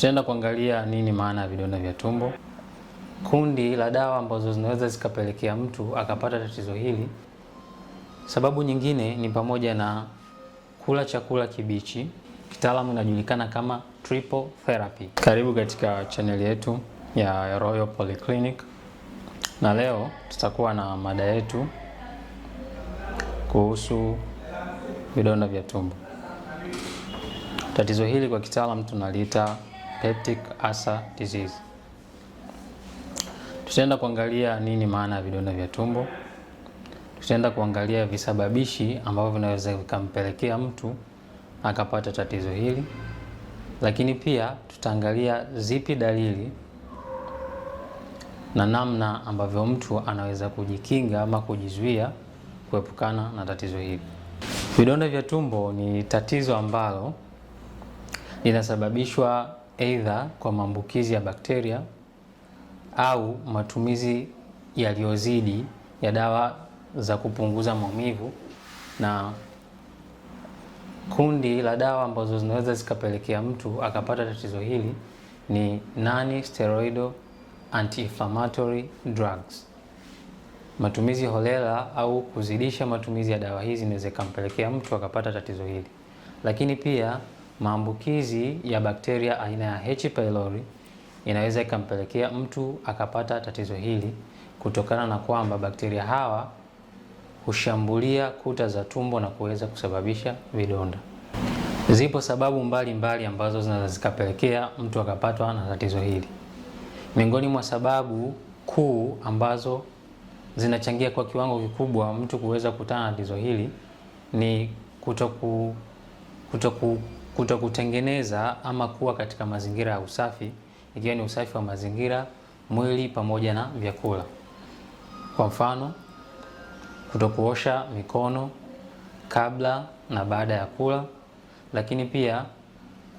Tutaenda kuangalia nini maana ya vidonda vya tumbo, kundi la dawa ambazo zinaweza zikapelekea mtu akapata tatizo hili. Sababu nyingine ni pamoja na kula chakula kibichi, kitaalamu inajulikana kama triple therapy. Karibu katika chaneli yetu ya Royal Polyclinic, na leo tutakuwa na mada yetu kuhusu vidonda vya tumbo. Tatizo hili kwa kitaalamu tunaliita Peptic ulcer disease. Tutaenda kuangalia nini maana ya vidonda vya tumbo. Tutaenda kuangalia visababishi ambavyo vinaweza vikampelekea mtu akapata tatizo hili, lakini pia tutaangalia zipi dalili na namna ambavyo mtu anaweza kujikinga ama kujizuia kuepukana na tatizo hili. Vidonda vya tumbo ni tatizo ambalo linasababishwa aidha kwa maambukizi ya bakteria au matumizi yaliyozidi ya dawa za kupunguza maumivu na kundi la dawa ambazo zinaweza zikapelekea mtu akapata tatizo hili ni nani steroidal anti-inflammatory drugs. Matumizi holela au kuzidisha matumizi ya dawa hizi inaweza ikampelekea mtu akapata tatizo hili, lakini pia maambukizi ya bakteria aina ya H pylori inaweza ikampelekea mtu akapata tatizo hili kutokana na kwamba bakteria hawa hushambulia kuta za tumbo na kuweza kusababisha vidonda. Zipo sababu mbalimbali mbali ambazo zinaweza zikapelekea mtu akapatwa na tatizo hili. Miongoni mwa sababu kuu ambazo zinachangia kwa kiwango kikubwa mtu kuweza kutana na tatizo hili ni kutoku, kutoku kuto kutengeneza ama kuwa katika mazingira ya usafi, ikiwa ni usafi wa mazingira, mwili pamoja na vyakula. Kwa mfano, kutokuosha mikono kabla na baada ya kula, lakini pia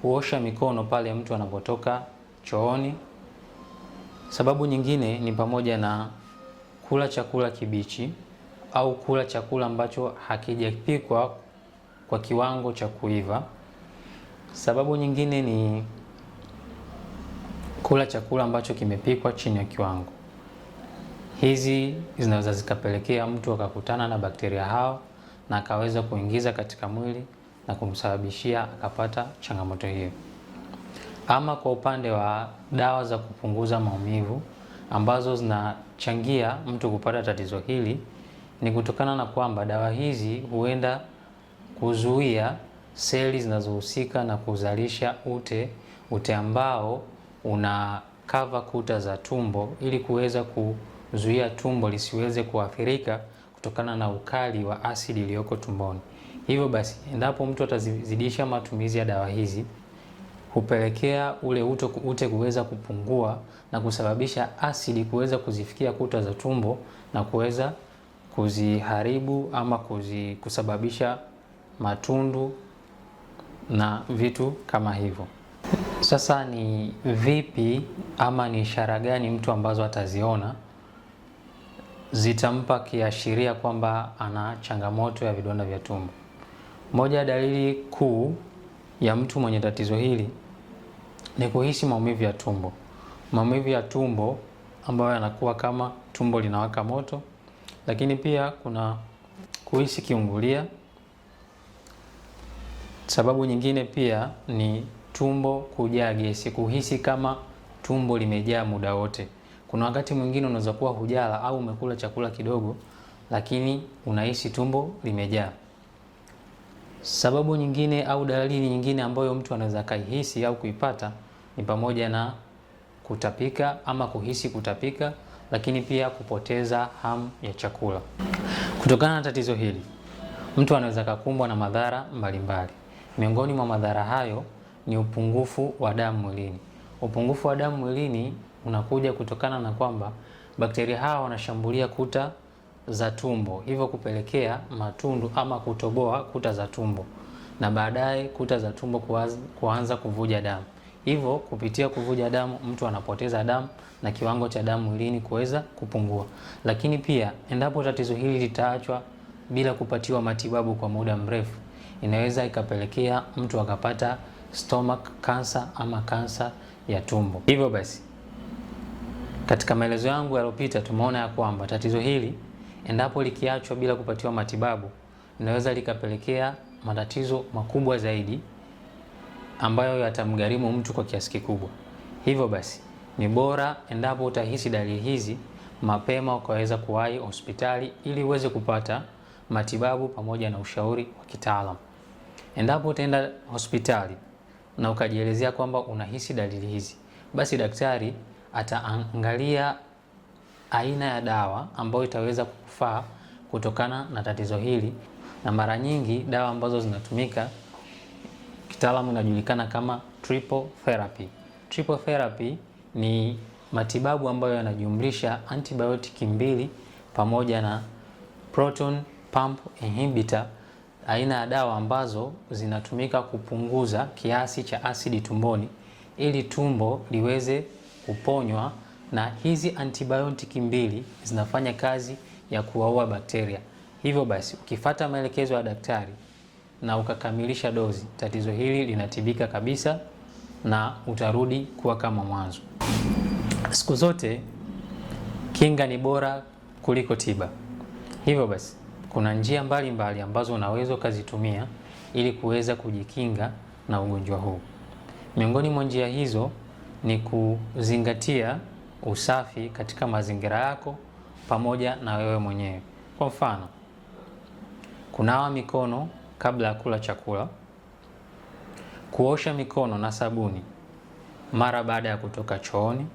kuosha mikono pale mtu anapotoka chooni. Sababu nyingine ni pamoja na kula chakula kibichi au kula chakula ambacho hakijapikwa kwa kiwango cha kuiva. Sababu nyingine ni kula chakula ambacho kimepikwa chini ya kiwango. Hizi zinaweza zikapelekea mtu akakutana na bakteria hao na akaweza kuingiza katika mwili na kumsababishia akapata changamoto hiyo. Ama kwa upande wa dawa za kupunguza maumivu ambazo zinachangia mtu kupata tatizo hili ni kutokana na kwamba dawa hizi huenda kuzuia seli zinazohusika na kuzalisha ute, ute ambao una kava kuta za tumbo ili kuweza kuzuia tumbo lisiweze kuathirika kutokana na ukali wa asidi iliyoko tumboni. Hivyo basi, endapo mtu atazidisha matumizi ya dawa hizi hupelekea ule ute, ute kuweza kupungua na kusababisha asidi kuweza kuzifikia kuta za tumbo na kuweza kuziharibu ama kuzi, kusababisha matundu na vitu kama hivyo. Sasa ni vipi ama ni ishara gani mtu ambazo ataziona zitampa kiashiria kwamba ana changamoto ya vidonda vya tumbo? Moja ya dalili kuu ya mtu mwenye tatizo hili ni kuhisi maumivu ya tumbo. Maumivu ya tumbo ambayo yanakuwa kama tumbo linawaka moto, lakini pia kuna kuhisi kiungulia Sababu nyingine pia ni tumbo kujaa gesi, kuhisi kama tumbo limejaa muda wote. Kuna wakati mwingine unaweza kuwa hujala au umekula chakula kidogo, lakini unahisi tumbo limejaa. Sababu nyingine au dalili nyingine ambayo mtu anaweza kaihisi au kuipata ni pamoja na kutapika ama kuhisi kutapika, lakini pia kupoteza hamu ya chakula. Kutokana na tatizo hili, mtu anaweza kakumbwa na madhara mbalimbali. Miongoni mwa madhara hayo ni upungufu wa damu mwilini. Upungufu wa damu mwilini unakuja kutokana na kwamba bakteria hawa wanashambulia kuta za tumbo, hivyo kupelekea matundu ama kutoboa kuta za tumbo na baadaye kuta za tumbo kuanza kuvuja damu. Hivyo kupitia kuvuja damu, mtu anapoteza damu na kiwango cha damu mwilini kuweza kupungua. Lakini pia endapo tatizo hili litaachwa bila kupatiwa matibabu kwa muda mrefu inaweza ikapelekea mtu akapata stomach cancer ama kansa ya tumbo. Hivyo basi, katika maelezo yangu yaliyopita tumeona ya kwamba tatizo hili endapo likiachwa bila kupatiwa matibabu linaweza likapelekea matatizo makubwa zaidi ambayo yatamgharimu mtu kwa kiasi kikubwa. Hivyo basi, ni bora endapo utahisi dalili hizi mapema ukaweza kuwahi hospitali ili uweze kupata matibabu pamoja na ushauri wa kitaalamu. Endapo utaenda hospitali na ukajielezea kwamba unahisi dalili hizi, basi daktari ataangalia aina ya dawa ambayo itaweza kukufaa kutokana na tatizo hili, na mara nyingi dawa ambazo zinatumika kitaalamu inajulikana kama triple therapy. Triple therapy ni matibabu ambayo yanajumlisha antibiotiki mbili pamoja na proton pump inhibitor aina ya dawa ambazo zinatumika kupunguza kiasi cha asidi tumboni ili tumbo liweze kuponywa, na hizi antibiotiki mbili zinafanya kazi ya kuwaua bakteria. Hivyo basi ukifata maelekezo ya daktari na ukakamilisha dozi, tatizo hili linatibika kabisa na utarudi kuwa kama mwanzo. Siku zote kinga ni bora kuliko tiba. Hivyo basi kuna njia mbalimbali mbali ambazo unaweza ukazitumia ili kuweza kujikinga na ugonjwa huu. Miongoni mwa njia hizo ni kuzingatia usafi katika mazingira yako pamoja na wewe mwenyewe. Kwa mfano, kunawa mikono kabla ya kula chakula, kuosha mikono na sabuni mara baada ya kutoka chooni,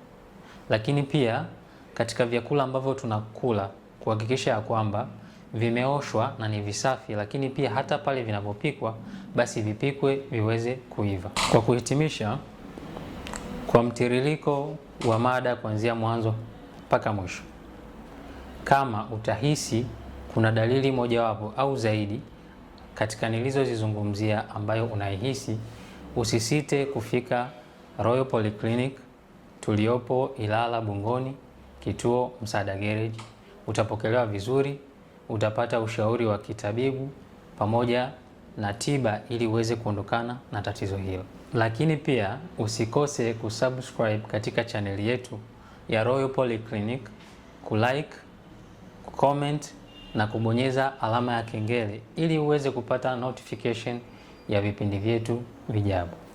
lakini pia katika vyakula ambavyo tunakula kuhakikisha ya kwamba vimeoshwa na ni visafi, lakini pia hata pale vinapopikwa basi vipikwe viweze kuiva. Kwa kuhitimisha, kwa mtiririko wa mada kuanzia mwanzo mpaka mwisho, kama utahisi kuna dalili mojawapo au zaidi katika nilizozizungumzia ambayo unaihisi, usisite kufika Royal Polyclinic tuliopo Ilala Bungoni, kituo Msaada Garage. Utapokelewa vizuri utapata ushauri wa kitabibu pamoja na tiba ili uweze kuondokana na tatizo hilo. Lakini pia usikose kusubscribe katika chaneli yetu ya Royal Polyclinic, kulike, kucomment na kubonyeza alama ya kengele ili uweze kupata notification ya vipindi vyetu vijavyo.